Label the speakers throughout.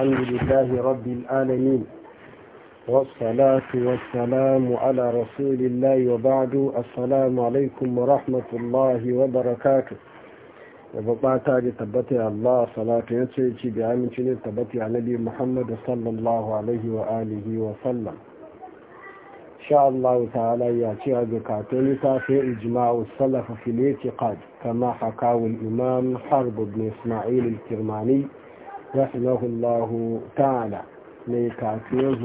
Speaker 1: الحمد لله رب العالمين والصلاة والسلام على رسول الله وبعد السلام عليكم ورحمة الله وبركاته وبعد تبتي الله صلاة يتشي بعام تبتي على نبي محمد صلى الله عليه وآله وسلم إن شاء الله تعالى يأتي أذكاتون في إجماع السلف في الاعتقاد كما حكاه الإمام حرب بن إسماعيل الكرماني rahimahullahu ta'ala ne kafin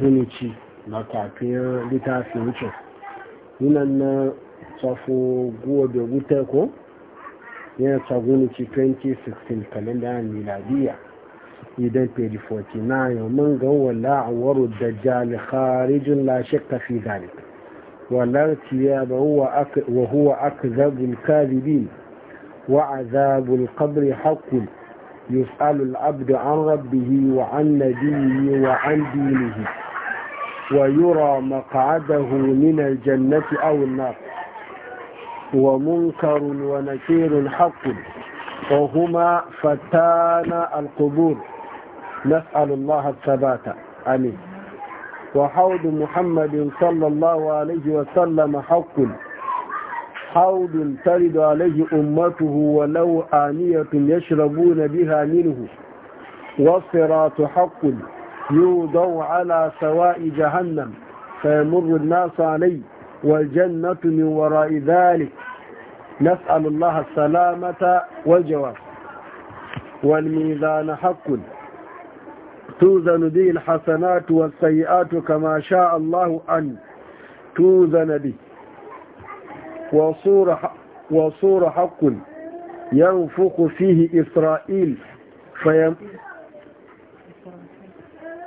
Speaker 1: zunuci na kafin littafin wucin yunan na tsafo gobe wuta ko yana tsagunuci 2016 kalendar miladiya idan page 49 mun ga wala awaru dajjal kharijin la shakka fi dhalik wala irtiyaba huwa huwa akdhabul kadhibin wa adhabul qabri haqqun يسأل العبد عن ربه وعن نبيه وعن دينه ويرى مقعده من الجنة أو النار ومنكر ونكير حق وهما فتان القبور نسأل الله الثبات آمين وحوض محمد صلى الله عليه وسلم حق حوض ترد عليه أمته ولو آنية يشربون بها منه والصراط حق يوضع على سواء جهنم فيمر الناس عليه والجنة من وراء ذلك نسأل الله السلامة والجواب والميزان حق توزن به الحسنات والسيئات كما شاء الله أن توزن به وصور حق ينفخ فيه إسرائيل فيم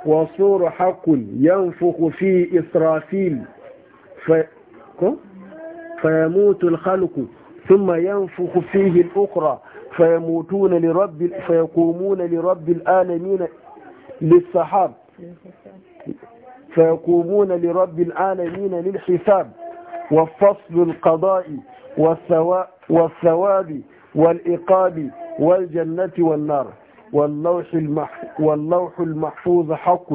Speaker 1: وصور حق ينفخ فيه إسرافيل في فيموت الخلق ثم ينفخ فيه الأخرى فيموتون لرب فيقومون لرب العالمين للسحاب فيقومون لرب العالمين للحساب وفصل القضاء والثواب والإقاب والجنة والنار واللوح, المح واللوح المحفوظ حق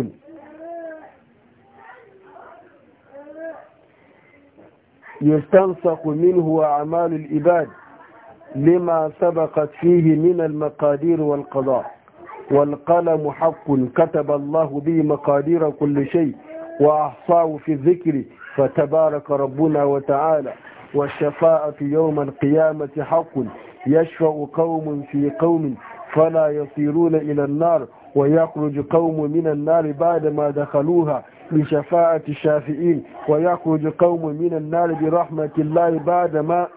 Speaker 1: يستنسق منه أعمال العباد لما سبقت فيه من المقادير والقضاء والقلم حق كتب الله به مقادير كل شيء وأحصاه في الذكر فتبارك ربنا وتعالى والشفاعة يوم القيامة حق يشفع قوم في قوم فلا يصيرون إلى النار ويخرج قوم من النار بعدما دخلوها بشفاعة الشافعين ويخرج قوم من النار برحمة الله بعدما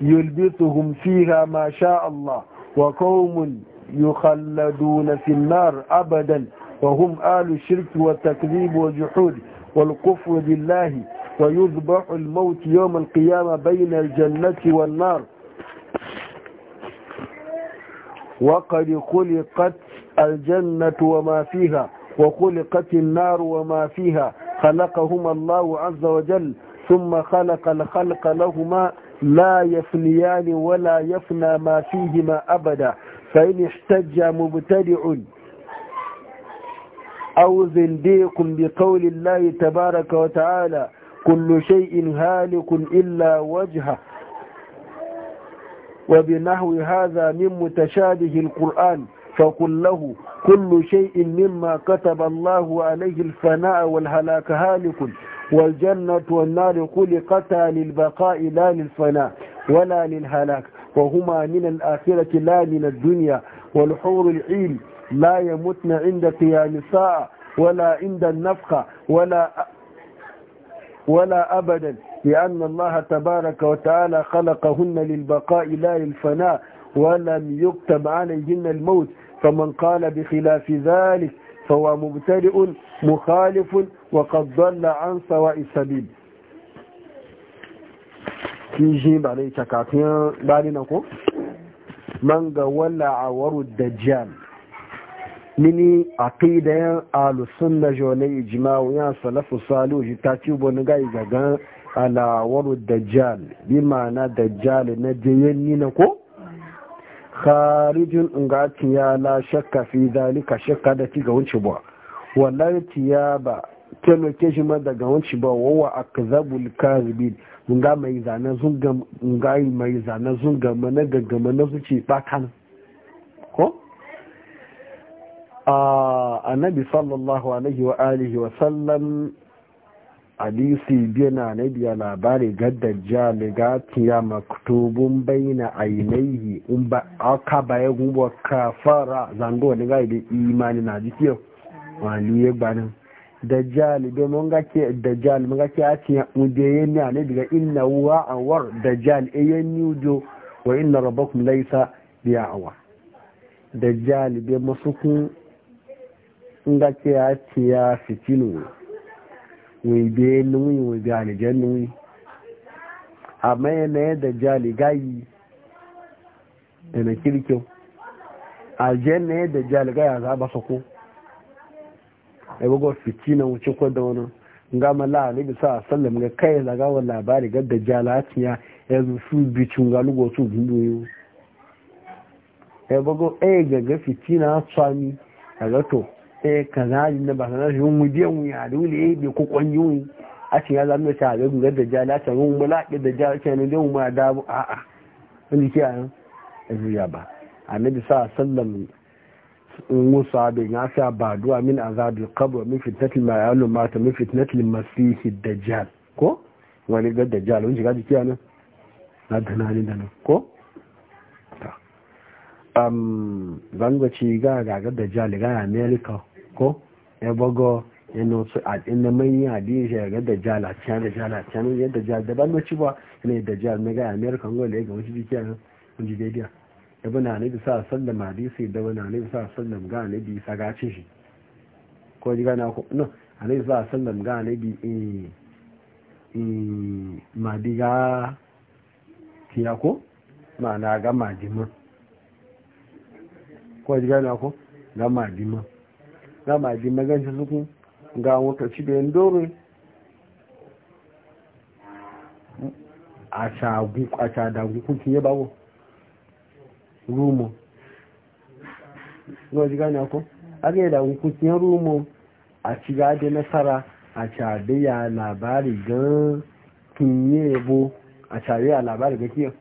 Speaker 1: يلبثهم فيها ما شاء الله وقوم يخلدون في النار أبدا وهم آل الشرك والتكذيب والجحود والكفر بالله ويذبح الموت يوم القيامة بين الجنة والنار وقد خلقت الجنة وما فيها وخلقت النار وما فيها خلقهما الله عز وجل ثم خلق الخلق لهما لا يفنيان ولا يفنى ما فيهما أبدا فإن احتج مبتدع أو زنديق بقول الله تبارك وتعالى كل شيء هالك إلا وجهه وبنحو هذا من متشابه القرآن فقل له كل شيء مما كتب الله عليه الفناء والهلاك هالك والجنة والنار خلقتا للبقاء لا للفناء ولا للهلاك وهما من الآخرة لا من الدنيا والحور العين لا يمتن عند قيام الساعة ولا عند النفخة ولا ولا أبدا لأن الله تبارك وتعالى خلقهن للبقاء لا للفناء ولم يكتب عليهن الموت فمن قال بخلاف ذلك فهو مبتدئ مخالف وقد ضل عن سواء السبيل في جيب عليه تكاتين بعدين أقول من ولا عور الدجال nini aqida yan alu sunna jone ijma'u yan salafu salu jitati bo nga igaga ala waru dajjal bi mana dajjal na jeyen ni na ko kharijun nga tiya la shakka fi zalika shakka da ti ga wunci ba wallahi tiya ba kelo ke shi ma daga wunci ba wa akzabul kazibin nga mai zana zunga nga mai zana zunga mana gaggama na zuci bakan ko annabi sallallahu alaihi wa alihi wa sallam hadisi bina na biya labari ga dajjal ga tiya maktubun baina ainihi in ba aka baya gumbo kafara zango ne ga da imani na jikiyo wali ya gbanin dajjal be mun ga ke dajjal mun ga ke a tiya uje ne ne daga inna wa awar dajjal e yen ujo wa inna rabbakum laysa bi'awa dajjal be masukun nga atia fitinu wai biye nuni wai biya alijan nuni amma yana yadda jali gayi da na kirkin alijan na yadda jali gayi a zaba sako ya bugo fitina wuce ko da wani nga mala alibi sa sallam ga kai zaga wa labari ga da jalatiya ya zufu bicin ga lugo su gundoyo ya bugo ɗaya ga fitina tsami aga zato ka zaji na ba na shun mu je mu ya dole be ko kwanyu a ce ya zama ta ga gudar da jala ta mun mala da jala ta ne mu ma da a a ni ke an azuya ba annabi sa sallam musa bin ya sa ba duwa min azabil qabr min ma ma'alum ma ta min fitnatil masih dajjal ko wani ga dajjal wani shiga jiki nan na tunanin da nan ko um zango ci ga ga ga dajjal ga america ko ya bago ya su a inda manyan hadisi ya ga jala cana jala cana yadda jala da ban ci ba yana jala na ga america ngo le ga wuce jikiya nan mun ji daidai da bana ne bisa sallam hadisi da na ne sa sallam ga ne sa ga cin shi ko ji gana ko no alai sa sallam ga ne ma eh eh madiga kiya ko ma'ana ga madima ko ji gana ko ga madima ga maji na maganci suku ga wata cibiyar dorin a shadagun kuki ya babu rumo ji gani ako aka yi da ya rumo a shiga da nasara a shadiya labari ga kinye yabo a shadiya labari ga kiyar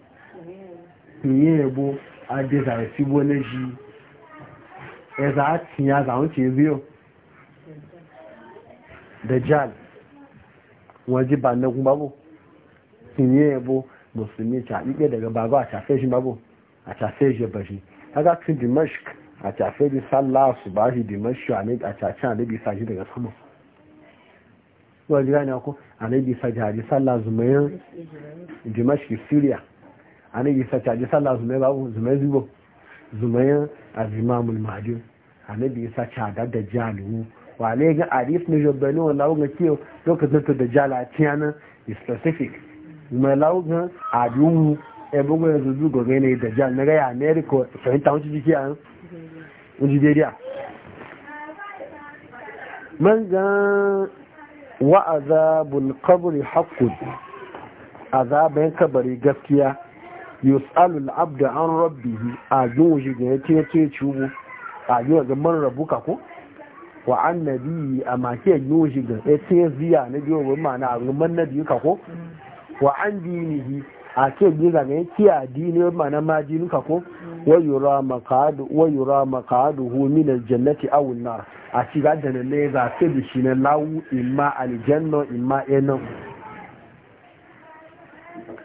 Speaker 1: kinye yabo a da zarafi na ji ẹ̀zà àti yàzà àwọn wuce rí o dajjal wọ́n jí ba nẹ́kún bábò sinye bu musulmi ta ike daga babu a shi babu, a shi bashi haka tun dimashq a tafeshi sallah su ba shi dimashq a nabi sa shi daga sama wọ́n jí gani ako anabi sashi hadi sallah zumayen dimashq syria anabi sashi hadi sallah zumayen babu zumayen zubo zumayen azimamul mahdi annabi ya sa cada da jalu wa ne ga arif ne jobbani wala ga kiyo ka to da jala tiyana specific mai lauga adiwu e bugu ya zuzu gobe ne da ne ga ya america fahimta an jiki a dia man ga wa azabul qabr haqqun azaban kabari gaskiya yus'alu al-abdu an rabbihi a jin wuce ga yake ce cubu a ga wa gaban rabuka ko wa annabi a ma ke yi wuce ga ya ziya ne biyu wa ma'ana a ga na biyu ka ko wa an dinihi a ke biyu ga ya kiya dini wa ma'ana ma dini ka ko wa yura yura maqaduhu min aljannati aw nar a ga da ne za ce bi shi ne lawu imma aljanna imma enan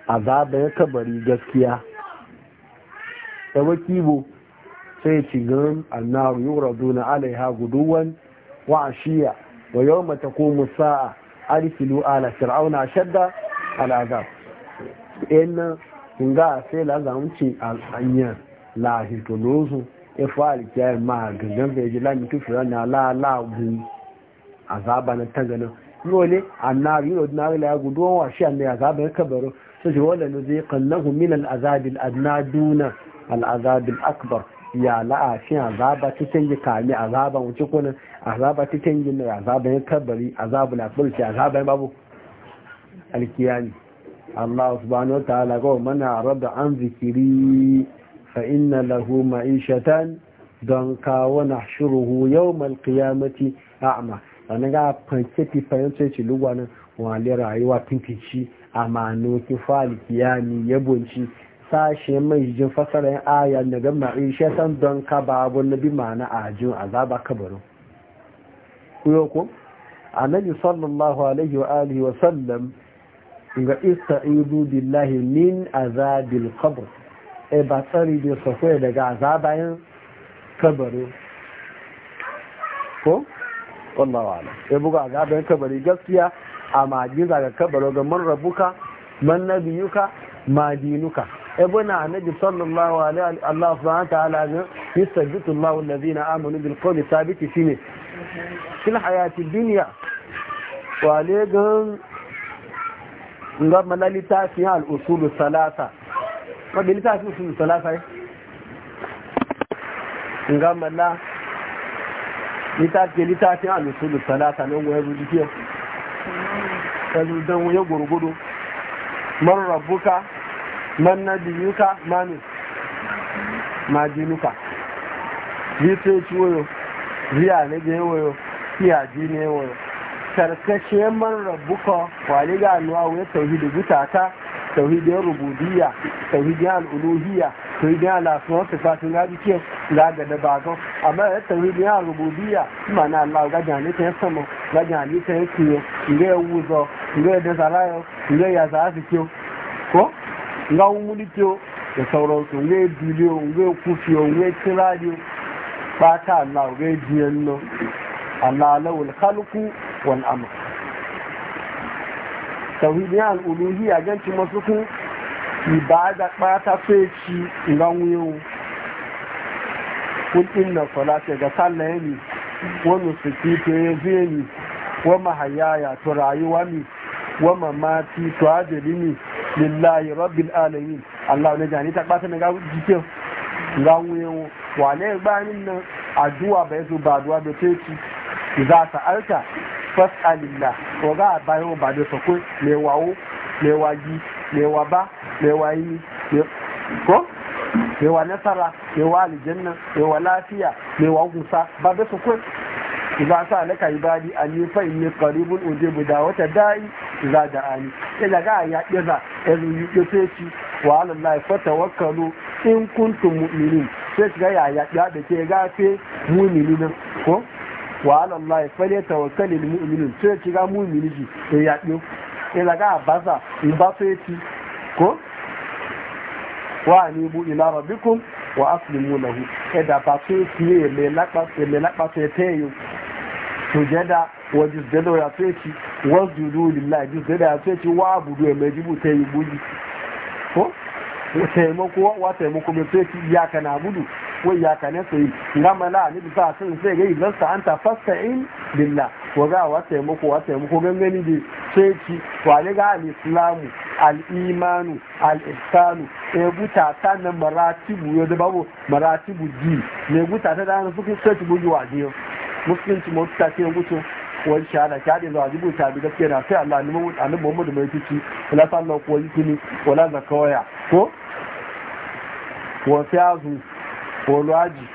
Speaker 1: azaba ya kabari gaskiya ya wakibo sai ci gan annaru yuraduna alaiha guduwan wa ashiya wa yawma taqumu sa'a arsilu ala fir'auna shadda al'azab en nga sai la zamuci al'anya la hitolozu e fali kya ma gangan da ji lami tu fir'auna la la gu azaba na tagana dole annaru yuraduna alaiha guduwan wa ashiya ne azaba kabaru sai wala nuziqannahum min al'azabil adna duna al'azabil akbar ya la'afin azaba ta canji kame azaba wuce kunan azaba ta canji na azaba ya kabari azaba na a azaba ya babu alkiyani Allah subhanahu wa ta'ala ga mana rada an zikiri fa inna lahu ma'ishatan don kawo na shuruhu yau malkiyamati amma, sannan ga fanke ti fahimta lugwanin wale rayuwa pinkici a ma'anoki fa alkiyani yabonci sashe mai jin fasarar aya na ga shi san don ka babu na bi ma'ana a ajiyar azaba kabarin kuyo ko annabi sallallahu alaihi wa alihi wa sallam ga ista'idu billahi min azabil qabr e ba tsari da sako daga azabayan kabari ko wallahu ala e buga azabayan kabari gaskiya amma giza ga kabaro ga man rabbuka man nabiyuka ma dinuka ابن النبي صلى الله عليه الله سبحانه وتعالى يثبت الله الذين امنوا بالقول الثابت في في الحياه الدنيا وعليهم ngam malalita fi al usul salasa salasa ngam mala lita fi lita fi al usul salasa non wayo dikiyo kalu dan wayo man na biyuka mani ma dinuka litoci wayo ziya na biyan wayo iya ne wayo karkashe man rabuka kwali ga anuwa wai tauhidi gutata tauhidin rububiyya tauhidin al'uluhiyya tauhidin ta fatin gaji ga ga da bagon amma ya tauhidin ma na allah gaji halitta ya sama gaji ta ya kiyo ga ya wuzo ga ya da zarayo ga ya za su kyau ko nga wumulito da sauransu nga biliyo nga kufiyo nga kirariyo ba ta Allah nga jiyan nan Allah lawul khalqu wal amr tauhidin al'uluhiyya ganci masu kun ibada ɓata feci ngan wuyewu. kun inna salata ga sallah ne wani suki to ya zai ni wa mahayaya to rayuwa ne wa mamati to ajali ne lillahi rabbil alamin Allah ne jani ta kwata na ga jikin ga gawo yawo wane bayanin nan addu'a bai zo ba addu'a da ceci za ta alta fas'alillah ko ga bayo ba da sako me wawo me waji me waba me wayi ko me wa nasara me wa aljanna me wa lafiya me wa gusa ba da sako za ta alaka ibadi an yi fa in inni qaribun ujibu da'wata da'i za da ani sai daga ya kiza yanzu yi kito ci wa alallahi fata wakalu in kuntum mu'minin sai ga ya ya da ke gafe mu'minin ko wa alallahi fale tawakkalil mu'minin sai ki ga mu'mini ji sai ya kiyo sai daga baza in ba sai ci ko wa bu ila rabbikum wa aslimu lahu eda ba sai ki ne mai lakpa mai lakpa sai to jeda wa jizdada ya ce ci wasjudu lillahi jizdada ya ce ki wa budu ya mai jibu ta yi buji ko taimako wa taimako mai ce ci iyaka na budu ko iyaka ne sai gama la ni bisa sun sai ga idan sa anta fasta'in lillah ko ga wa taimako wa taimako gangani ne ce ci wa ne ga al-islamu al-imanu al-ihsanu e buta ta na maratibu yo da babu maratibu ji ne buta ta da na fukin sai ci buji wa diyo musulunci mu ta ce gutu wani shahada shahada zuwa jibu ta bi gaskiya na sai Allah nima wuta annabi Muhammadu mai tuci wala sallan kuwa yi tuni wala zakawaya ko wa fiyazu wa luwaji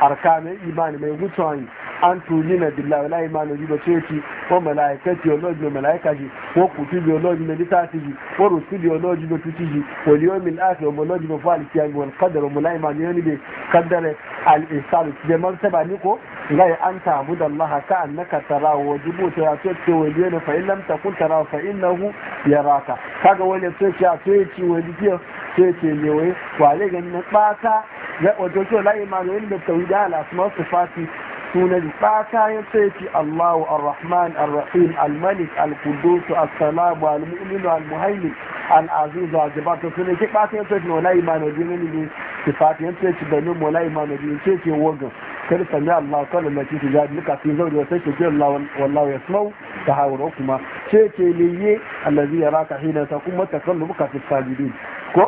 Speaker 1: arkanin imani mai gutuwan an tuli na billahi wala imanu ji bace ci ko malaika ti oloji malaika ji ko kutu bi oloji na litati ji ko rusu bi oloji na tuti ji ko liyo min afi o oloji na fali kiyami wal qadar o mulai ma ni be qadar al ihsan de martaba ko gai an tabu da Allah ka annaka tara wa jibuta ya ce ce waje ne fa illam takun tara fa innahu yaraka kaga wani ce ce a ce ce waje ce ce ce ne wai wale ga na tsaka ya wato to la imanu inda tawida ala asma sifati sunan tsaka ya ce ce Allah ar-Rahman ar-Rahim al-Malik al-Quddus as-Salam al-Mu'min al-Muhaymin al-Aziz al-Jabbar sunan ke bata ya ce ce wala imanu dinin sifati ya ce ce da ne wala imanu dinin ce ce wagan kada ya Allah kawai mace su jadi nika sun zaune sai ke jiran ya smau ta hawara kuma ce ce ne ye allazi ya raka hina ta kuma ta kallu buka fi sajidi ko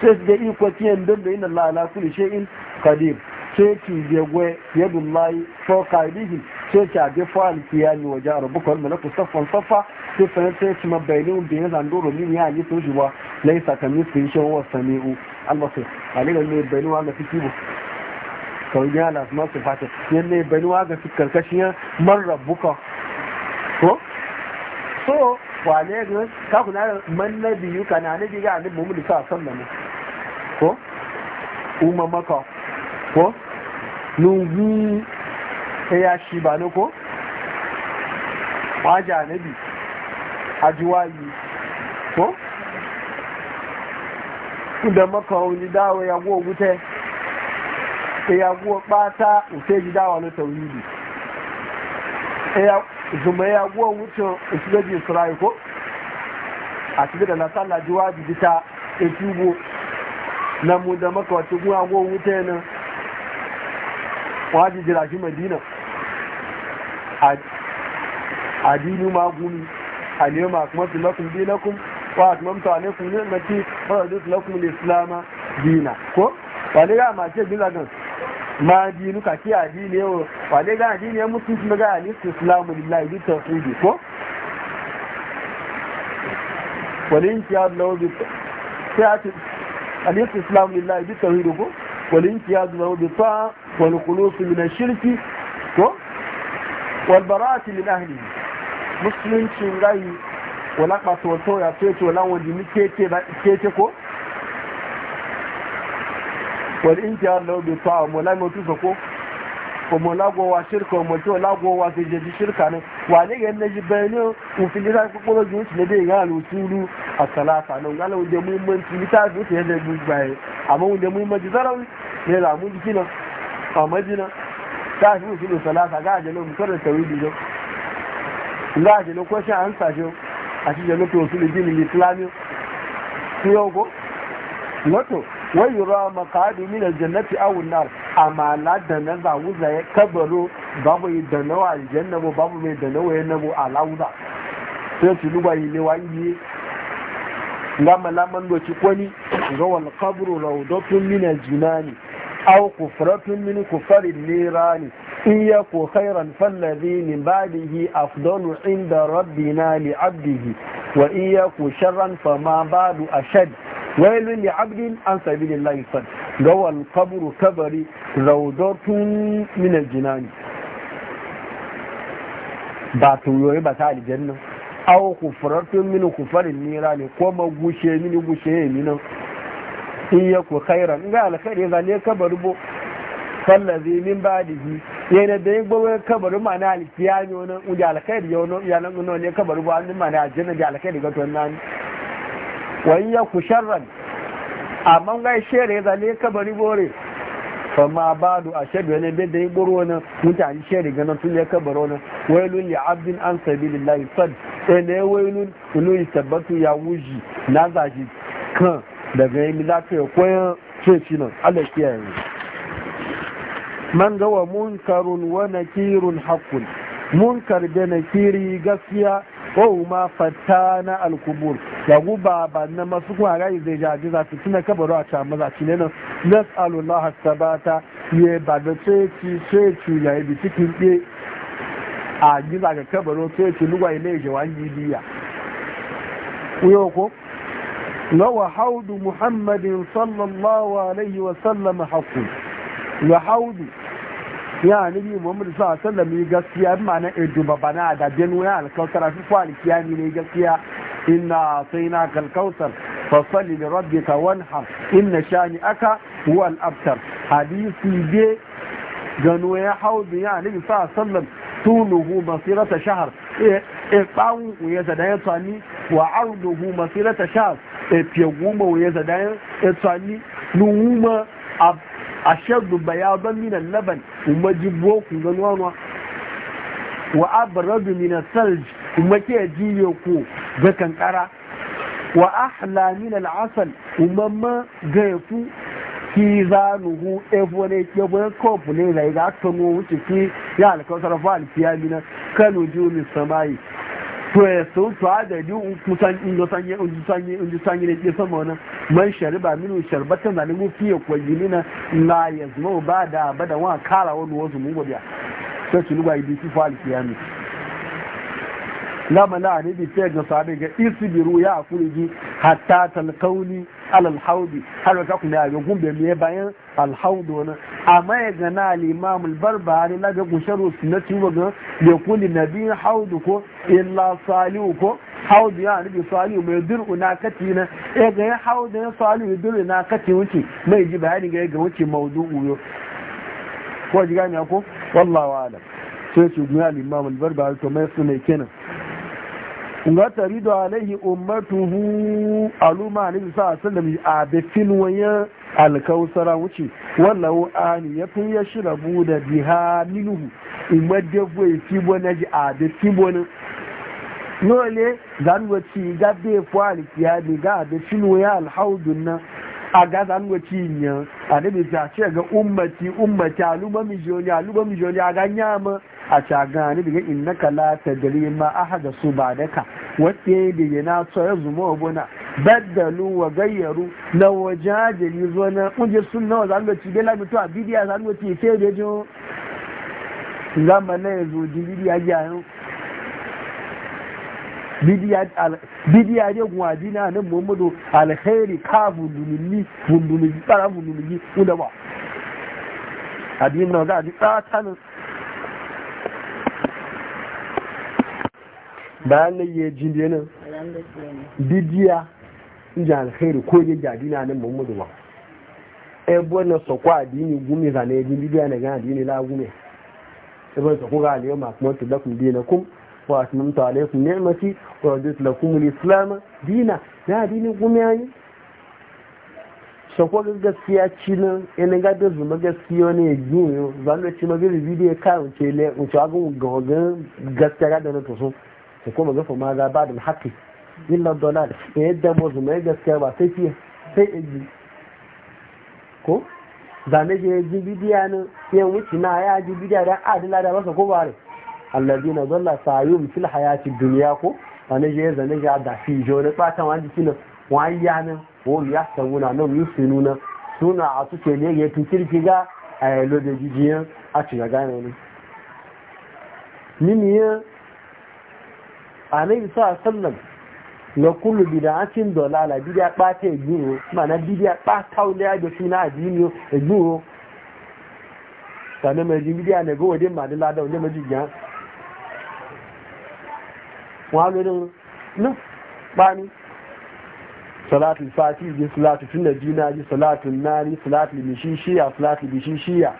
Speaker 1: ce da iko tiyan don da inna Allah ala kulli shay'in qadir ce ki je gwe yadullahi so qaidihi ce ki abi fa alkiyani wa ja rabbuka wal malaku saffan saffa ce fa ce ki mabainin bi yana ndoro min ya ni sojuwa laisa kamithlihi shay'un wa samiu al-basir alilan mai bainu wa ga fikibu kawai na lafi masu fata yadda ya bani wa ga fi karkashin marar buka ko so wane ga ka kuna man na biyu ka na nabi ga annabi mu da sa mu ko umar maka ko nungu ya shi ba ne ko waje annabi ajiwayi ko da maka wani dawo ya go gute eyaguwa ɓata ufe ji dawa na tauhidi zuma eyaguwa wucin isigaji isra'i ko a cikin da nasala ji wajibi ta ekigo na mu da makawaci kuma abuwa wuta yana wajibi jira shi madina a dini maguni a nema kuma tilakun dinakun wa atmamtu alaikum ni'mati wa raditu lakum al-islam dina ko wani ga ma ce gina gan ma dinu nuka ki adini yau wale ga adini yau e mutum kuma ga alistu islamu lillahi duk bi tawhidi ko walin ki yadu lawo bi sai alistu islamu lillahi duk ta tawhidi ko walin ki yadu lawo bi ta wal khulusu mina shirki ko walbarati bara'ati min ahlihi musulunci rai wala ka to ya ce to lan wajin ke ce ko wọ́n ń jẹ́ lọ́bí tọ́ àwọn ọmọlámi ojú sọ́kó ọmọlágọ́wà ṣírkà ọmọdé ọlágọ́wà ti jẹ́ e e. di ṣírkà ní wà ní ẹ̀yẹ́ méjì bẹ́ẹ̀ ní òfin nígbà púpọ̀ lójú oṣù lédè ìyá àlù túrú àtàlàtà náà ńgá lóun dé yi ti ní táàbí ti ẹ̀dẹ̀ gbogbo ẹ̀ àmọ́ òun dé múlímọ́ ti sára ní ẹ̀rọ àmúdíkì náà àmọ́dí náà táàbí òfin òsàlàtà gáàjẹ́ lóun tọ́lẹ̀ tẹ̀wé ìdíjọ́ gáàjẹ́ ló kọ́ṣẹ́ à ń sàjọ́ da ìjẹ́ lókè òfin ìdí nìyí fúlámíọ́ wai yura makadu min aljannati aw nar amma la da na za wuza ya kabaro babu yi da nawa aljanna bo babu mai da nawa yana bo ala wuza sai su luba yi ne wangi lama laman doci kwani ga wal qabru rawdatun min aljinani aw kufratun min kufari nirani in yaku khairan fallazi min ba'dihi afdalu inda rabbina li abdihi wa in yaku sharran fama ba'du ashad wailun li abdin an sabilillahi fad ga wal qabru kabari rawdatun min aljinani ba tuyoyi ba ta aljanna aw kufratun min kufarin nirani ko magushe min gushe in yaku khairan ga alkhairi za ne kabar bo fallazi min badihi yana da yin gbogbo kabarin ma na alkiyani wani alkhairi ne ba an ma na aljanna da alkhairi ga wani ya ku sharran amma ga shere ya ka bari bore fama ba da a shaɗu wani bai da yi ɓoro wani mutane shere ganin tun ya kabaro wani wailun ya abdin an sabi lillahi sad sai ya wailun tabbatu ya wuji na zaji kan daga yi lafiya koyan ceci nan allah kiyaye man wa munkarun wa nakirun haqqun munkar da nakiri gaskiya wa ma fatana alkubur yagu ba ba na masu kuma yi zai ja ji su tuna kabaru a can maza shi ne nan nas'alullah sabata ye ba da ceci ceci ya yi cikin ɗe a gina ga kabaru ceci lugwa ile jawan gidiya uyo ko lawa haudu muhammadin sallallahu alaihi wa sallam haqqun ya haudu ya bi muhammadu sallallahu alaihi wa sallam gaskiya ma'ana edu bana da benu ya alkawtara fi kwalikiya ne gaskiya إنا sayna الكوثر fasalli لربك وانحر إن شانئك هو الأبتر abtar جي جنو gano ya haudu صلى الله عليه وسلم طوله مصيرة شهر إقاو ويزدان يطاني وعرضه مصيرة شهر إبيوما ويزدان يطاني نوما أشد بياضا من اللبن وما جبوك وغنوانوا وأبرد من الثلج وما كي أجيبوكو ga kankara wa ahla min al'asal umamma ga yafu ki zanuhu ebole ke bo ko bule da ga to mu wuce ki ya alkawsar fa alfiyami na kanu jumi samai to ya so to adadi un kusan in do sanye un sanye un sanye ne ke sama wannan man shariba min sharbatan da mu fiye jinina la yazmu bada bada wa kala wani wasu mu gobiya sai ki lugwa idi fi fa mina gama la ne bi sai ga sabe ga isbiru ya kuriji hatta talqauni alal haudi har ta kuma ya gumbe me bayan al haudi wani amma ya ga na al barbari la ga gusharu sunnati wa ya kuli nabi haudi ko illa salihu ko haudi ya nabi salihu mai dir'u na katina ya ga haudi ya salihu dir'u na katin wuce mai ji bayani ga ga wuce mawdu'u yo ko ji gani ko wallahu sai su gina barbari to mai sunai kenan nga taridu alaihi ummatuhu aluma ne bisa sallam a bifin wayan alkausara wuce wannan wani ya fi ya rabu da biha minuhu in wadda ya fi wani ji a bifin wani nole zanwaci ga bai fi ya ne ga a bifin waya alhaudun nan a ga zanwaci yan a nabi ta ce ga ummati ummati aluma mijoni aluma mijoni a ga nyama a cagani daga innaka la tadri ma ahada su ba daka yi da yana so ya zuma obuna baddalu wa gayyaru na waje wajajiri zo na kungiyar sunna wa zanga ci bela mutu a bidiya zanga ci sai da jin zama na yanzu di bidiya ji a yau bidiya ne gwajina nan muhammadu alkhairi ka vundunili vundunili tsara vundunili wunda ba a na ga a ji tsatanin bayan nan ya ji da yanin bidiya ji alkhairu ko ya jadi na nan mudu ba ebo na sokwa adini gumi zane ya ji bidiya na gana adini la gumi ebo na sokwa ga aliyu ma kuma tulakun dina kum wa atmamtu alaikum ni'mati wa raditu lakum al-islam dina ya adini gumi ayi sokwa ga gaskiya ci nan ina e, ga da zuma gaskiya ne ya yau zan da ci magana ce le in gaskiya da na tosun da kuma gafa ma za ba da haƙƙi illa dollar da yadda mazu mai gaskiya ba sai fiye sai ƙirji ko zane ke ji bidiya ne ya wuce na ya ji bidiya da adila da masa ko ba ne allazi na zalla sayum fil hayati duniya ko zane ke zane ke da fi jo ne tsatan wani jiki wani ya ne ko ya na nan yusu na suna a suke ne ya fi kirki ga eh, a yalo da jijiyan a cikin gane ne. Mini yin annabi sa sallam na kullu bid'atin dalala bid'a bata yiro mana bid'a bata wuliya da suna adini yiro sanan mai jin bid'a ne gowa din madalla da wanda maji gyan wani ne no bani salatu fati ji salatu tunna jina ji salatu nari salatu mishishiya salatu bishishiya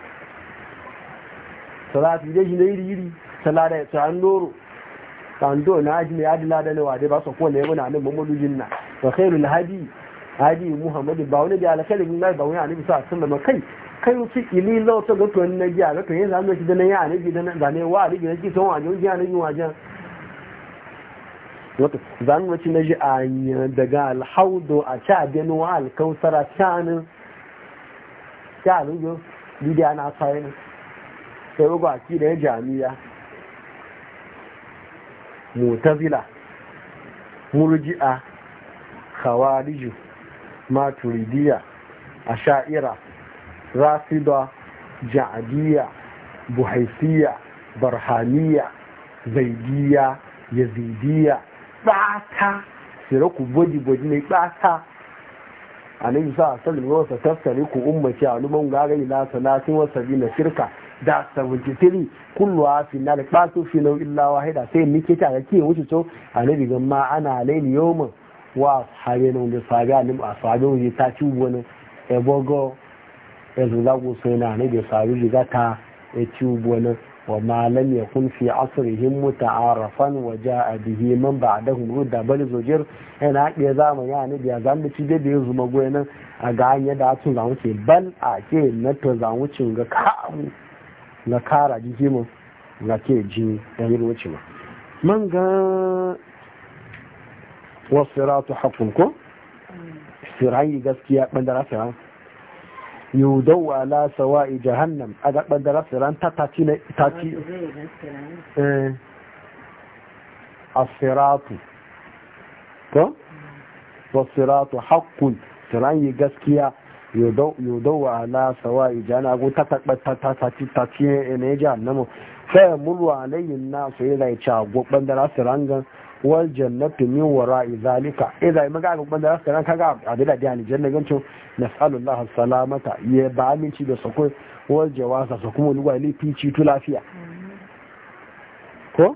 Speaker 1: salatu dai ne iri iri salatu ta an doro kando na ajiyar ya dila da nawa dai ba su kone muna nan mamadu jinna wa khairul hadi hadi muhammadu ba wani da alkhairi min ba wani annabi sa sun sallama kai kai wuce ili lauta ga to na ji ga to yin zamu shi da nan ya annabi da nan zane wa annabi da ki son wajen ji annabi wajen wato zan wuce na ji a daga alhaudu a cha bin wa alkausara chanin ya lujo bidiya na sai sai ga ki da jami'a mutazila murji'a khawariju maturidiya asha'ira rafida ja'adiyya buhaysiyya, barhaniyya zaidiyya yazidiyya bata siraku gwaji-gwaji ne bata a nan yi sa a salin wasa tattare ku umarci a lumun gagari na salatin wasa na shirka da 73 kulluwa fi na da ɓasu fi nau illa wahida sai muke ta ga kiyan wuce to a nabi gan ma ana laili yoma wa hare na wanda sabi a nima a sabi wanda ta ci wani ebogo ya zuza gusa na nabi sabi riga ta ya ci wani wa malam ya kun fi a rafan waje a bihi man ba'dahum rudda bal zujir yana ɗaya zamani a nabi ya zamu ci da ya zuma goyi nan a ga hanyar da sun zamu ce bal a ke na to zamu ga ka'amu na kara jiki mu na ke ji da yin wuce ma man ga wasiratu hakun ko sirai gaskiya bandara sirai yudau ala sawa'i jahannam eh. a ga bandara sirai ta taci na taci eh asiratu ko mm. ratu hakun sirayi gaskiya yodowa ala sawa ijana ko ta ta tafi eh, ne ji annamu sai mulwa alayyin na su yi zai ci agogban da rasu rangan wal jannatu min wara izalika idan yi maga agogban da rasu rangan kaga a dila da ni janna gancin nas'alullah salamata ya ba aminci da sako wal jawasa su kuma lugwa ne fici tu lafiya mm-hmm. ko?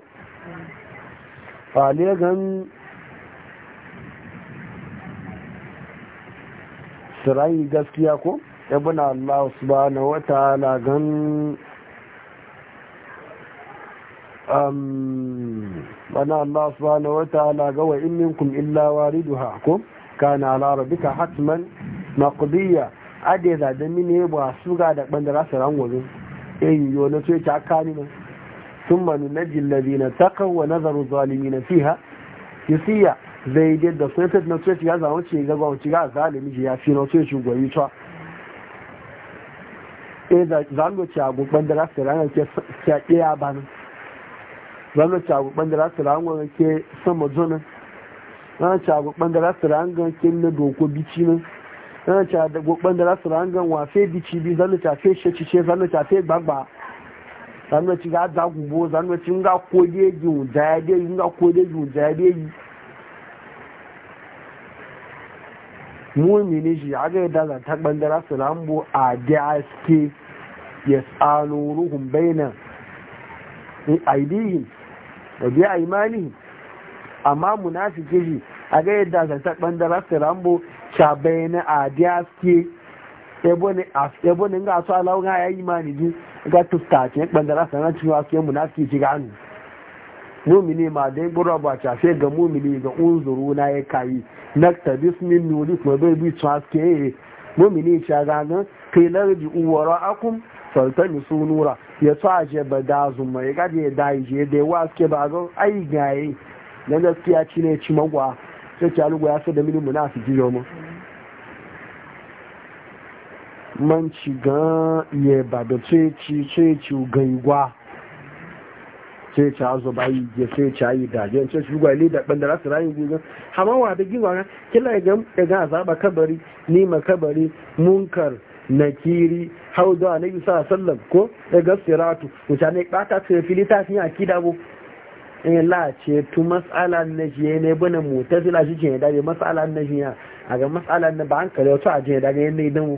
Speaker 1: Fale gan sirayi gaskiya ko ibina Allah subhanahu wa ta'ala gan um bana Allah subhanahu wa ta'ala ga wa in minkum illa wariduha ko kana ala rabbika hatman maqdiya ade da da mine ba su ga da bandara saran gobe eh yo na ce ta kani ne thumma nunajji alladhina taqaw wa nadharu zalimina fiha yusiya zai dai da sun fit na tsoci ya zama ce gaba wuce ga zalimi ya fi na tsoci goyi ta e da zango ci agugban da rasu ranar ke kyaɗe ya bani zango ci agugban da rasu ranar ke sama zonin ranar ci agugban da rasu ranar ke na doko bici nan ranar ci agugban da rasu ranar wafe bici bi zango ci afe shecice zango ci afe gbagba zango ci ga dagubo zango ci nga kodegi wujaya deji nga kodegi wujaya deji mumini shi ya ga yadda ta bandara su lambo a daske ya tsano ruhun bainan aidihin da biya imani amma munafike shi a ga yadda ta bandara su lambo sha bayanan a daske ebo ne ga su alawo ga ya yi mani ji ga tufta ce bandara su lambo cikin wasu yin munafike shi gani mumini ma dai gbura ba ta sai ga mumini ga unzuru na ya kayi naktabis min nuri kuma bai bi su haske mumini sha gana kai lardi uwara akum saltani su nura ya sa je ba da zuma ya gaje ya dai je da wa haske ba ga ai gaye na gaskiya ci ne ci magwa sai ki alugo ya da mini munafiki yo mu man ci ga ye ba da ce ci ce ci ga igwa sai ta zo bayi ya sai ta yi da yan shi shugaba ne da banda rasu rayu gobe amma wa da giwa kila ga ga zaba kabari ni ma kabari munkar nakiri haudu annabi sallallahu alaihi ko daga siratu mutane bata ce fili ta fi akida bu in eh, la ce tu mas'ala na je ne bana mutazila shi ke da mas'ala na jiya a ga mas'ala na ba an kare wato a je daga ga yanda idan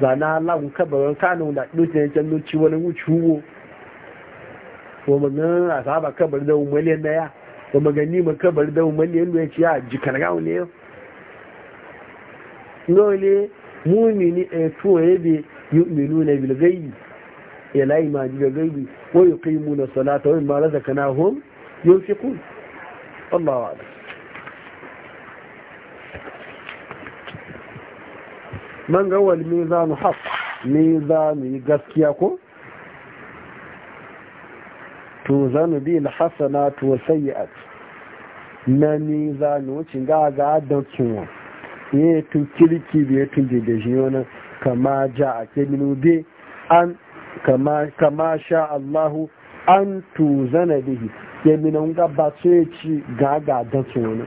Speaker 1: zana lagun kabarin kanu da dutse can nuci wani wuce hugo wa magan a saba kabar da umaliyan na ya wa magani ma kabar da umaliyan da ya ci ya jikar ga wani yau nole mumini a eh, tuwa ya bi yu'minu na bilgayi ya layi ma ji bilgayi wa yi kai muna salata wani ma raza kana hom yau fi kun Allah wa man ga wal gaskiya ko to zanu bi alhasana to sayyi'at na ni zanu cin ga ga da ya yi tu kirki be ya je da shi wani kama ja a keminu be an kama sha allahu an tu zana bihi keminan ga ba sai ci ga ga da kinwa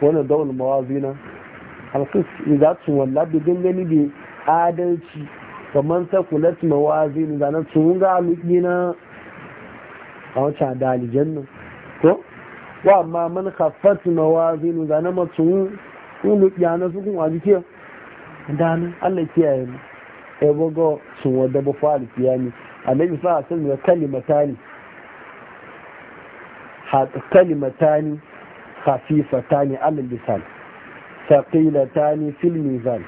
Speaker 1: mawazi na mawazina alqis su tun da gangani bi adalci kamar sakulat mawazin zanen sun ga alukina a wata dalijan nan? ko wa amma man khaffat mawazinu zana matsu kun lu ya su kun waji ke dan Allah kiyaye mu e bogo sun wada bu fa'al kiyami annabi sa sun ya kalimatani hat kalimatani khafifatani alal lisan thaqilatani fil mizan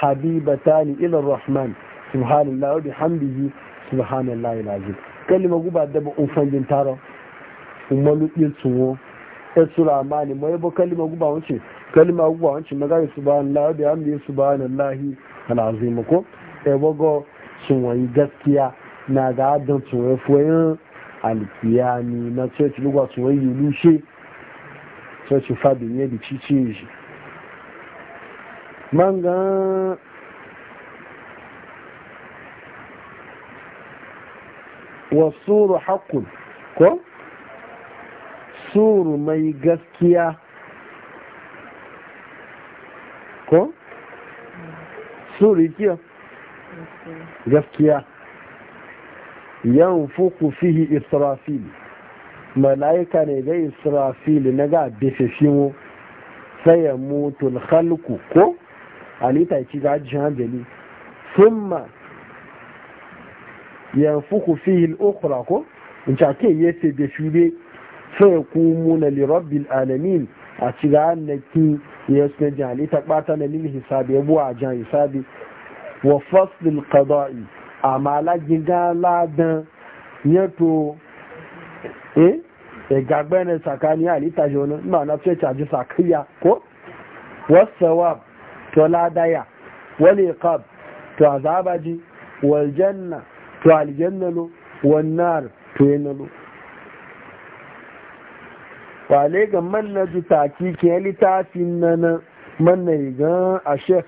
Speaker 1: habibatani ila rahman subhanallahi wa bihamdihi subhanallahi alazim kalima guba da ba umfangin taro umaru ɗin tsuwo ya tsura ma ne mai ba kalima guba wance kalima guba wance magana su ba na da amri su ba na lahi al'azima ko ya bago tsuwayi gaskiya na ga adon tsuwayi fuwayin alkiyami na church lugwa tsuwayi lushe church fadin ne da cice shi man ga Wasuru suru haƙƙun ko suru mai gaskiya ko gaskiya yan fuku fihi israfil mala'ika ne ga israfil na ga bishashiwo sai ya mutu halku ko alita ci ga jihar jeli summa yanfuku fihi al-ukhra ko in ta ke yace da shure sai yakumuna li rabbil alamin a ciga annaki ya suka jali ta bata na lil hisabi ya buwa jan wa fasl al-qada'i amala giga ladan yato eh e gagbe ne sakani alita jona ma na ce caji sakiya ko wasawab to ladaya wal iqab to azabaji wal janna to aljannalo wannan to yana lo wale ga manna ji taki ke littafin nan manna gan a shek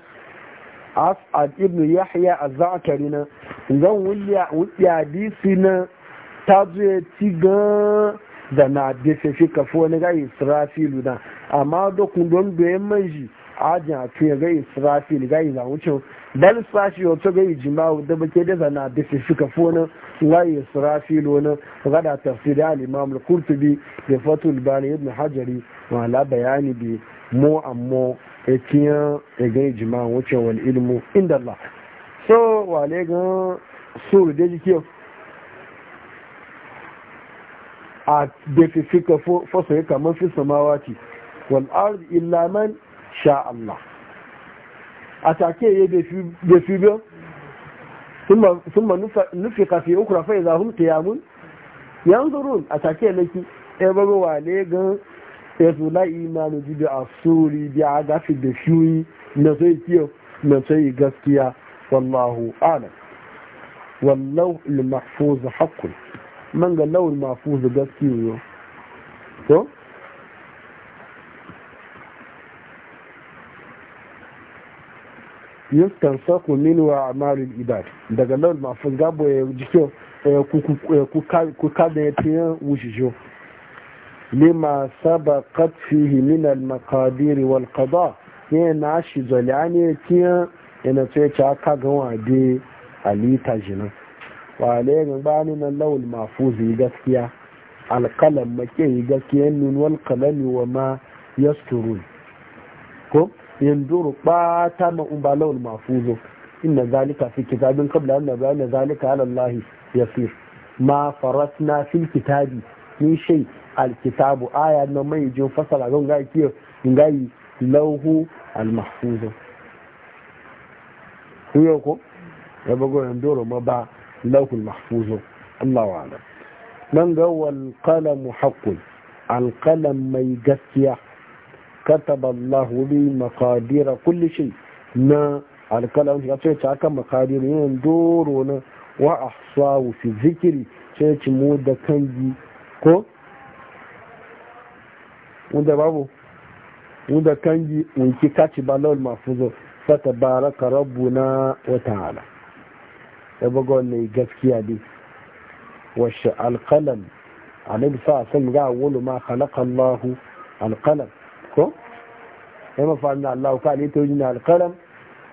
Speaker 1: as'ad ibn yahya a zakari na zan a disi na ta zuwa ci gan da na dafe kafo na ga israfilu na amma dokun don doyen manji ajin a ya ga israfil ga yi zawucin dan sashi wato ga yi jima'u da bake da zana da su suka fona ga yi israfil wani ga da tafsiri al-imam al-qurtubi da fatul bani ibn hajari wa la bayani bi mo ammo e kiya e ga yi jima'u wace wal ilmu inda Allah so wale ga suru da jike a da fi suka fosa ya kamar fi samawa ce wal ard illa man sha Allah a take ya da fi biyu sun ma nufi kafi ukura fai za hun kiyamun yan zurun a take laki ɗaya e wa ne gan ya e zula imanu jibi a suri biya a gafi da fiye na sai kiyo na sai gaskiya wallahu alam wallau il mahfuz Manga man ga lawul mahfuz gaskiyo to yuskan saku min wa amalul ibad daga lawal mafuz gabo ya jikin eh, ku eh, kada ya tiyan wushijo lima sabaqat fihi min al maqadir wal qada ne na shi zaliani tiyan yana ce ta ka ga wade alita jina wa le ni na nan lawal mafuz gaskiya al qalam make gaskiya nun wal qalami wa ma yasturu ko yanduru ɓata na umbalawul mafuzo inna zalika fi kitabin qabla an nabayana zalika ala Allah yasir ma faratna fil kitabi min shay al kitabu aya na mai jin fasala gon ga kiyo ngai lauhu al mahfuz kuyo ko ya bago yandoro ma ba lauhu al mahfuz Allah wa nan ga wal qalam haqqun al mai gaskiya kataba Allah bi makadira kulli shay na alkalam ya ce ta makadira yin doro na wa ahsawu fi zikiri sai ci mu da kangi ko wanda babu wanda kangi unki kaci balal mafuzo fata baraka rabbuna wa ta'ala ya buga wannan gaskiya dai washe alkalam a nabi sa sun wani ma khalaqa Allah alkalam ko ya na Allah ka ne ta wujina alkaram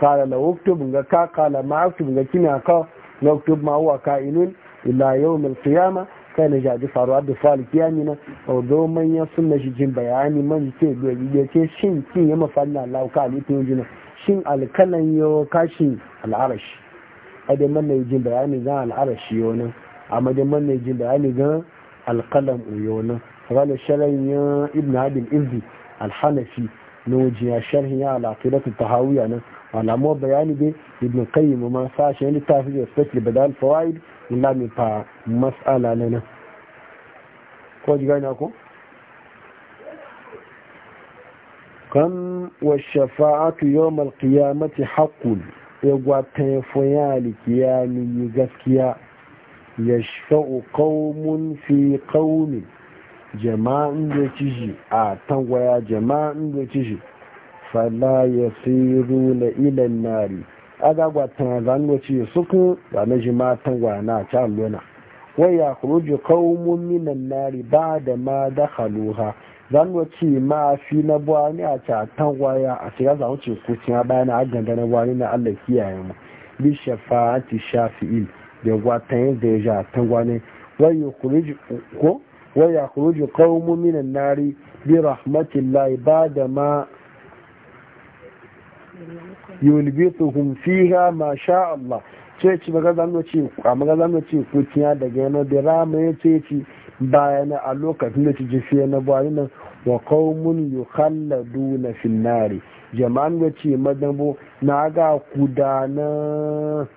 Speaker 1: kala la uktub ga ka kala ma uktub ga kina ka na uktub ma huwa ka'inun ila yawmil qiyama kai na jadi faruwa da fal kiyami na o do manya sunna shi jin bayani man ce do ya ce shin kin ya na Allah ka ne ta wujina shin alkalan yo kashi al'arashi adai man ne jin bayani ga al'arashi yo nan amma dai man ne jin bayani ga alqalam yo nan qala sharayin ibn hadil izzi alhanafi na wajiya sharhin ya alaƙiratun tahawiya nan alamu bayani bai ibn qayyim ma sashen littafi da sake badal fawaid illa min fa mas'ala na nan ko ji gane ko kam wa shafa'atu yawm al haqqun yagwa ta fayali kiyami gaskiya yashfa'u qaumun fi qaumin jama'in da ci shi a tangwaya jama'in da ci shi fala ya siru na ilan nari agagwa tanzan da ci suku da na ji ma tangwaya na can luna wai ya kuruji kawun minan nari ba da ma da haluha zan wace ma fi na buwani a ta tangwaya a shiga za wuce kuciya bayan aganda na buwani na allah kiyaye mu bi shafa'ati shafi'in da gwatan yadda ya ja tangwane wai ya kuruji ko wa ya kuruji qaumun minan nari bi ba da ma yulbituhum fiha ma sha Allah ce ci maga zamu ci kutiya daga yana da rama ya ce ci bayan a lokacin da ci jifiya na buwari nan wa qaumun yukhalladuna na nari jama'an da ce madambo na ga kudana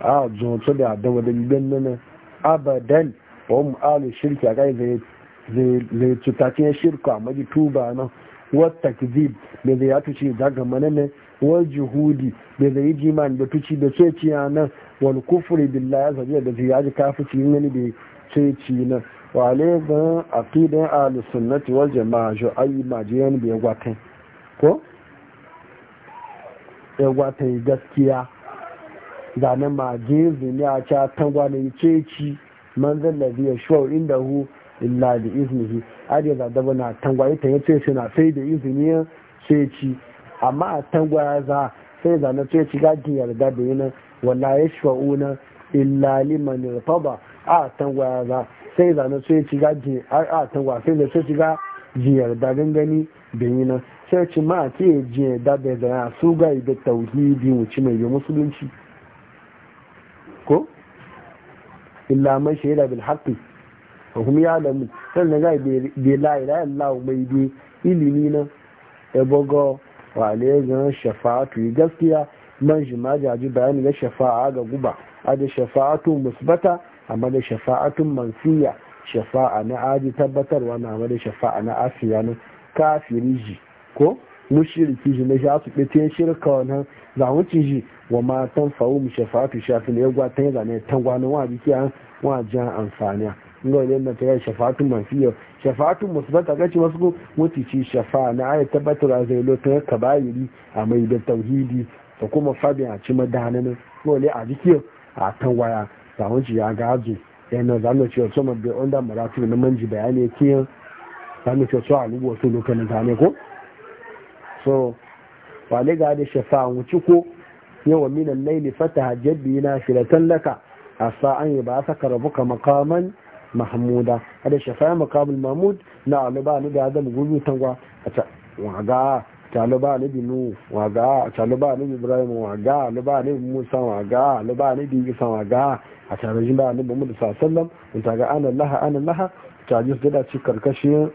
Speaker 1: a zonto da adawa da gidan nan abadan wa mu alu shirki a kai zai cutacin shirka maji tuba na. wata kizib da zai ya tuci daga mana ne wal juhudi da zai yi jiman da tuci da ceci nan wani kufuri billah ya zabi da zai yaji yi yin da ceci na. wa alaikan aqidan alu sunnati wal jamaa jo ayi majiyan bi gwatan ko ya gwatan gaskiya zane maje zuniya ca tangwanin ceci manzan da biya shuwa inda hu illa da iznihi za daba na tangwaye ta yi ceci na sai da izini ceci amma a tangwaya za sai zane ceci gajin yarda da yi wala ya shuwa na illa liman irtaba a tangwaya za sai zane ceci gajin a tangwa sai da ceci ga jiyar da gangani da yi nan sai ci ma ke jiyar da bai zana su ga da tauhidi ci mai yi musulunci ko illa man shaida bil haqqi fa hum ya'lamu sanna ga bi la ilaha hu mai bi ilimi na e bogo wa le shafa'atu gaskiya man jima ji bayani ga shafa'a ga guba ada shafa'atu musbata amma da shafa'atu mansiya shafa'a na aji tabbatarwa na amma shafa'a na asiya na kafiriji ko mushiriki shi na sha su ɓete shirka wannan zamuci shi wa matan fawo mu shafa'atu shafi ne ya gwata ya zane ta gwanin wa biki an wajen amfani ngo ne na tayar yau manfiyo shafa'atu musbata ga ci wasu mutu ci shafa na ayi tabbatar a zai lokacin kabayiri a mai da tauhidi da kuma fabi a ci madanin ngo ne a biki a tangwaya zamuci ya gaji yana zamu ci wasu mabbe onda maratu na manji bayani kiyan zamu ci wasu alubu wasu lokacin zane ko so wale ga da shafa wuci ko yau wa minan laili fata hajjabi na filatan laka a sa'an yi ba saka rabuka makaman mahmuda a da shafa makamul mahmud na aluba ni da adam gudu tangwa a ta waga taluba ni binu waga taluba ni ibrahim waga aluba ni musa waga aluba ni bi wa waga a jin ba ni da sallam in ta ga ana laha ana laha ta ji da ci karkashin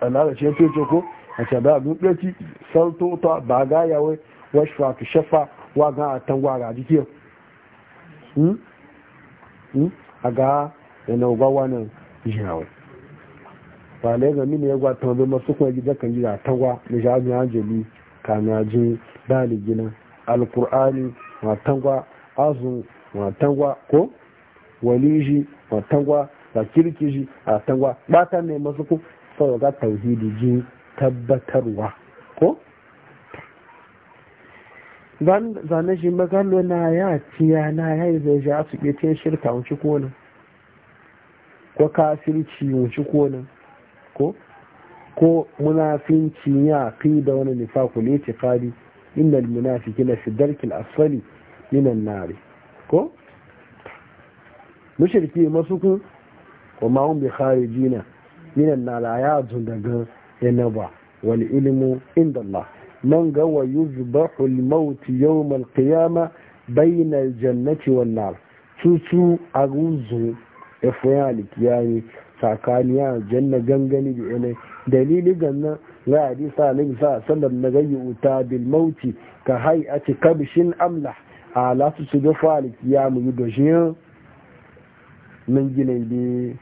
Speaker 1: alala ce ce ko a shaba duk ɗauki sauto ta ba gaya wai washfa ka shafa wa ga a tangwa ga jikiyar a da yana ba wannan jirawa ba lai ga mini ya gwata wani masu kuma gida kan gida tangwa na jami'in hajjali kamajin daligina alkur'ani ma tangwa azun ma tangwa ko waliji ma tangwa da kirkiji a tangwa ba ta ne masu kuma sau ga tauhidi jini tabbatarwa ko zane shi magano na ya tiya na ya yi zai ja su ke te shirka wuce konin ko kafirci wuce konin ko ko munafinci ya fi da wani ku ne ce fari inda munafiki na fi darkin asali minan nare ko mushirki masu kun kuma hun bi na minan nara ya zunda daga yana wal ilmu inda Allah man ga wa yuzbahu al maut yawm al qiyama bayna al jannati wan nar tutu aguzu efoya al kiyami tsakaniya janna gangani dalili ganna ga hadisa na bisa sallar na gayi wuta bil mauti ka hai a ci kabishin amla a lasu su ga falik ya yi doshin nan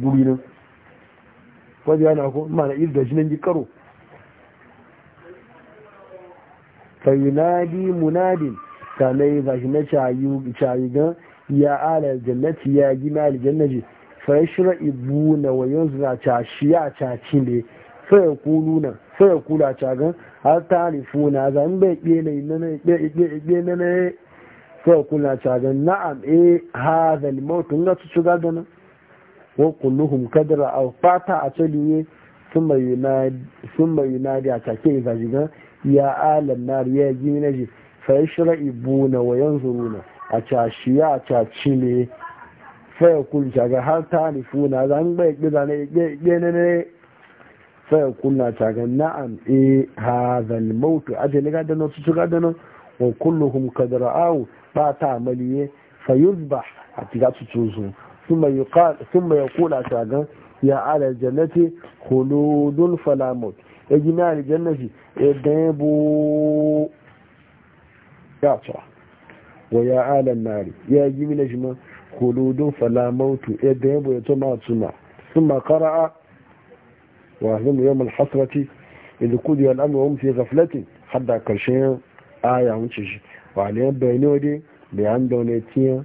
Speaker 1: guri wadda yana ko da munadin sanai ba shi na cayi gan ya ala jannati ya gina aljannaji ibu na wayan zuwa na shi ya ci ne sai kuluna sai kula gan har ta na zan bai ɓe na ɓe kula na'am eh, su shiga da nan wa kulluhum kadra aw fata a tsaliye summa yunadi summa yunadi a take ga jiga ya alam nar ya ginaji fa yashra'ibuna wa yanzuruna a cashiya a cacile faya kulca ga har ta nifuna zan bai gida ne gene ne faya kulna ta ga na'am eh hadhal maut ajali ga dano su ga dano wa kulluhum qad ra'aw ba ta amaliye fayuzbah a tiga su tuzu sun mai kula shagan ya ala jannati huludun falamut ya gina da jannati ya daibu ya cewa wa ya ala nari ya gini na shi ma huludun falamutu ya daibu ya tuma suna sun makara'a wa zama yau mal hasrati idan kudu ya al'amma wa mafi gaflatin hadda karshen aya wuce shi wa aliyan bayani wadai bayan da wani tiyan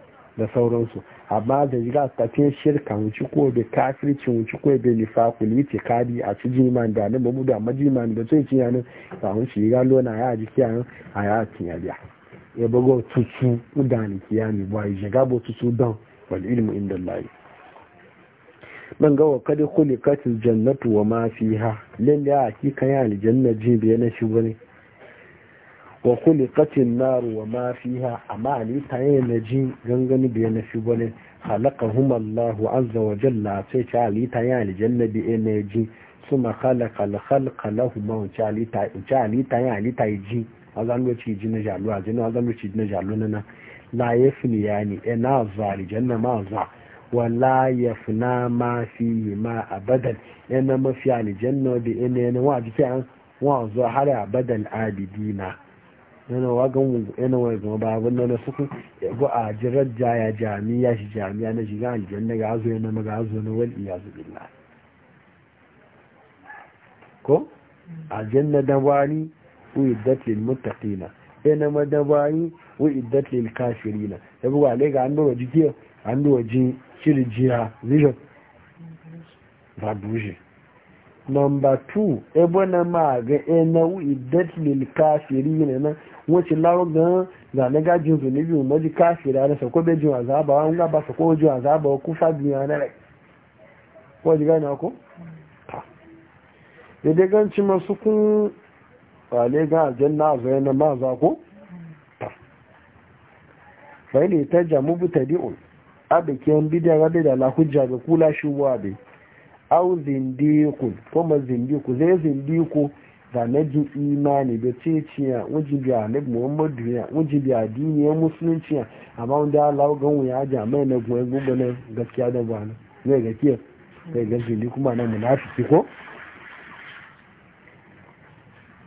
Speaker 1: da sauransu amma da ga tafiye shirka wuce ko da kafirci wuce ko da nifaku ce kadi a ci jiman da nan bamu da majiman da zai ci yanin ba hun shi ga lona ya ji kiyan a ya ci ya biya ya bago tutu da udani kiyami ba ya ga bo tutu dan wal ilmu inda Allah ban ga wa kad khuliqatil jannatu wa ma fiha lalle a kika ya aljanna jibiya na shi bane wa katin naru wa ma fiha amma ta yi na ji gangani da na fi bane khalaqahum Allah azza wa jalla sai ta yi tayi da bi na ji suma khalaqa al khalqa huma cali ta ali na ali tayi ji azan lokaci ji na jalu azan lokaci ji na jalu nana la yafni yani ina e zali janna ma za wala e na ma fi ma abadan ina mafi e aljanna bi ina wa ji an wa zuwa har abadan abidina yana wagan yana wagan ba abin nan suku go a jirar jaya jami'a shi jami'a na shiga aljihar na gazo yana maga azo na wal iyazu na ko na dabani uiddat lil muttaqina yana madabani uiddat lil kafirina yabo ga le ga ando waji an shirin jiya shirjiya ba babuji number two ebe na ma ga ena wu idet lil kafiri ne nan wace lawo ga ga na gajin zunubi mu kafiri kafira na ko be jin azaba an ga ba sako jin azaba ku kufa biya na rai ko ji gane ta da dai ganci masu kun wale ga na zai ena ma za ko bai ne ta jamu butadi'un abikin bidiyar rabe da la hujja ga kula shi wa bai au zindiku kuma zindiku zai zindiku da na ji imani da ceciya wajen biya na muhammadu ya wajen biya dini ya musulunci ya amma wanda ya lau gan wuya aji na goyi gugu na gaskiya da ba na zai ga kiyar zai ga zini kuma na munafiki ko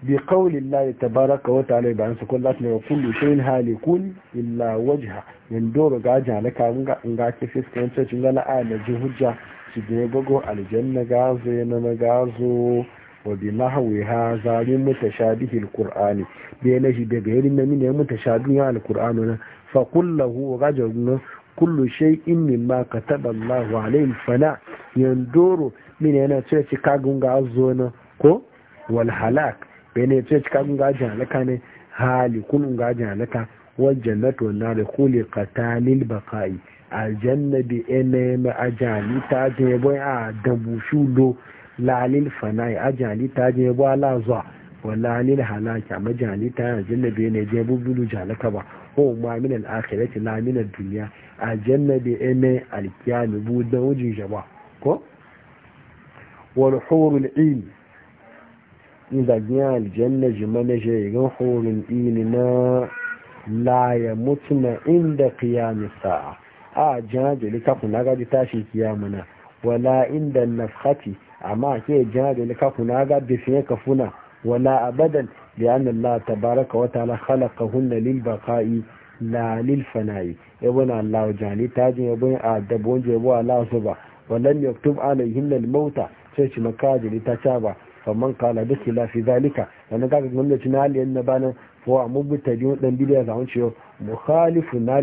Speaker 1: bi qawlin lahi tabaraka wa ta'ala ba an bayan su wa kullu shay'in halikun illa wajha yan doro ga aji halaka in ga ke fiskan gana a da hujja cide bago aljanna gazo na na gazo wa bi nahwi ha zalim mutashabihi alqur'ani bi na shi daga yarin nan ne mutashabihi alqur'ani na fa kullahu rajulun kullu shay'in mimma kataba allah alayhi fana yanduru min yana ce ci kagun gazo na ko wal halak bene ce ci kagun gajin halaka ne hali kun halaka wal jannatu wan nar khuliqatan lil baqa'i aljanna bi ene ma ajali ta je boy a dabu shulo lalil fanai ajali ta je ala zuwa wala lil halaka majali ta aljanna bi ene je bulu jalaka ba ko ma min al akhirati la min ad dunya aljanna bi ene al bu da wujin jaba ko wal hurul ilm inda gina aljanna jimane je gan hurul ilm na la ya mutuna inda qiyamis sa'a a janajin kafin na gaji tashi kiya mana wala inda nafhati amma ke janajin kafin na gaji fiye ka funa wala abadan da yana na tabaraka wata na halaka hunna lil baka'i na lil fana'i e ibn allah jani tajin e ya bin a dabon jebo allah su ba wannan ya tub ala himna mauta sai shi maka jini ta ca ba famman kala duk lafi zalika wani gaga gwamnati na aliyan na banan ko a mubuta biyu dan bidiyar zaun mukhalifu na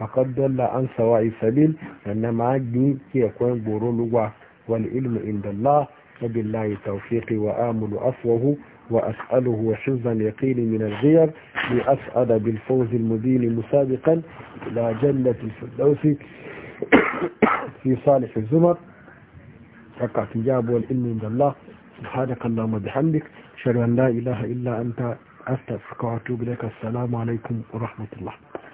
Speaker 1: فقد ضل عن سواء أن انما اجي كي يكون برولوا والعلم عند الله وبالله توفيقي وآمل عفوه وأسأله حفظ اليقين من الغير لأسأل بالفوز المبين مسابقا إلى جنة الفردوس في صالح الزمر فقعت تجاب والإلم عند الله سبحانك اللهم بحمدك شر أن لا إله إلا أنت أستفقعت وأتوب إليك السلام عليكم ورحمة الله